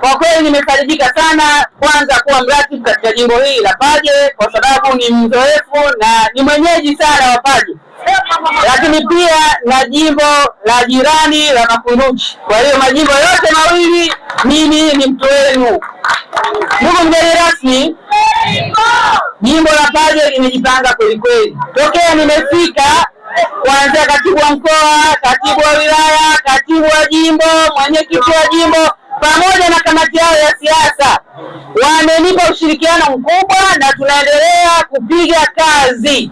Kwa kweli nimefarijika sana kwanza kuwa mratibu katika jimbo hili la Paje, kwa sababu ni mzoefu na ni mwenyeji sana wa Paje, lakini pia na jimbo la jirani la Makunduchi. Kwa hiyo majimbo yote mawili mimi ni mtu wenu. Ndugu mgeni rasmi, jimbo la Paje limejipanga kwelikweli tokea nimefika kuanzia katibu wa mkoa, katibu wa wilaya, katibu wa jimbo, mwenyekiti wa jimbo pamoja na kamati yao ya siasa wamenipa ushirikiano mkubwa, na tunaendelea kupiga kazi.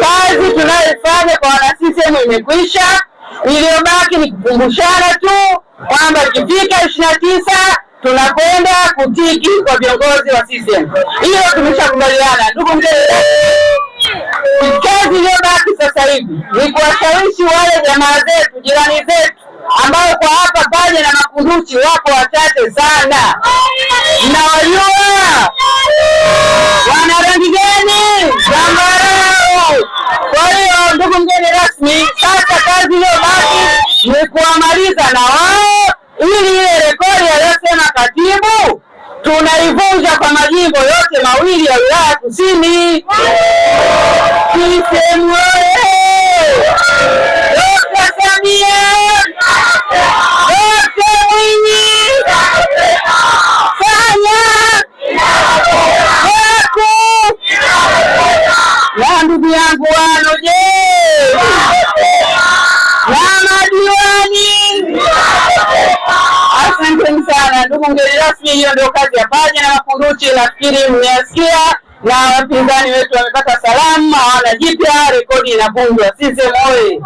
Kazi tunayoifanya kwa wana CCM imekwisha, iliyobaki ni kukumbushana tu kwamba ikifika ishirini na tisa tunakwenda kutiki kwa viongozi wa CCM. Hiyo tumeshakubaliana, ndugu mzee. Kazi iliyobaki sasa hivi ni kuwashawishi wale jamaa zetu, jirani zetu ambao kwa kunduchi wako wachache sana. Mnawajua wana rangi gani? Zambarau. Kwa hiyo ndugu mgeni rasmi, sasa kazi iliyobaki ni kuwamaliza na wao, ili ile rekodi aliyosema katibu tunaivunja kwa majimbo yote mawili ya wilaya kusini. CCM ndugu yangu Wano, je, wana diwani? Asanteni sana ndugu mgeni rasmi, hiyo ndio kazi ya Paja na Makunduchi. Nafikiri mmeyasikia na wapinzani wetu wamepata salamu, hawana jipya, rekodi inavunjwa. Sisi moye